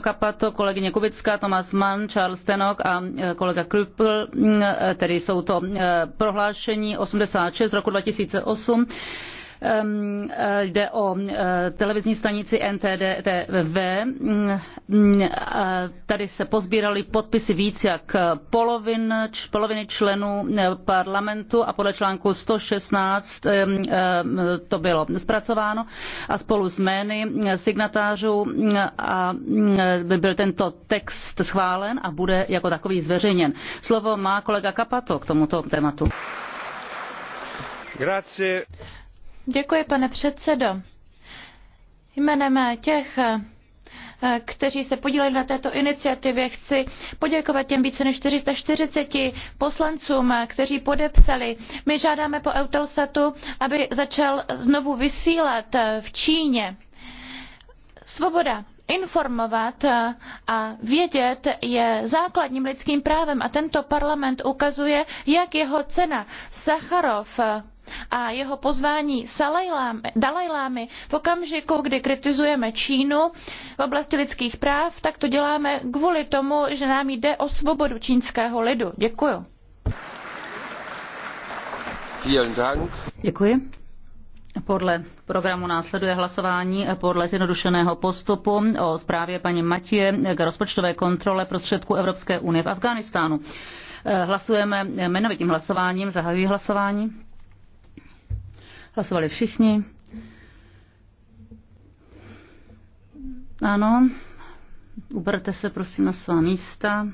cappato kolegyně Kubická, Thomas Mann, Charles Tenok a e, kolega Krupl, e, tedy jsou to e, prohlášení 86 roku 2008 Eh, jde o eh, televizní stanici NTDTV. Mm, eh, tady se pozbírali podpisy víc jak polovin, poloviny členů parlamentu a podle článku 116 to bylo zpracováno a spolu s jmény signatářů mm, a mm, byl tento text schválen a bude jako takový zveřejněn. Slovo má kolega Kapato k tomuto tématu. Grazie. Děkuji, pane předsedo. Jménem těch, kteří se podíleli na této iniciativě. Chci poděkovat těm více než 440 poslancům, kteří podepsali. My žádáme po Eutelsatu, aby začal znovu vysílat v Číně. Svoboda informovat a vědět je základním lidským právem a tento parlament ukazuje, jak jeho cena Sacharov a jeho pozvání Dalajlámy v okamžiku, kdy kritizujeme Čínu v oblasti lidských práv, tak to děláme kvůli tomu, že nám jde o svobodu čínského lidu. Děkuju. Děkuji. Podle programu následuje hlasování podle zjednodušeného postupu o zprávě paní Matě k rozpočtové kontrole prostředků Evropské unie v Afghánistánu. Eh, hlasujeme jmenovitým hlasováním. Zahajuji hlasování. Hlasovali všichni. Ano, uberte se prosím na svá místa.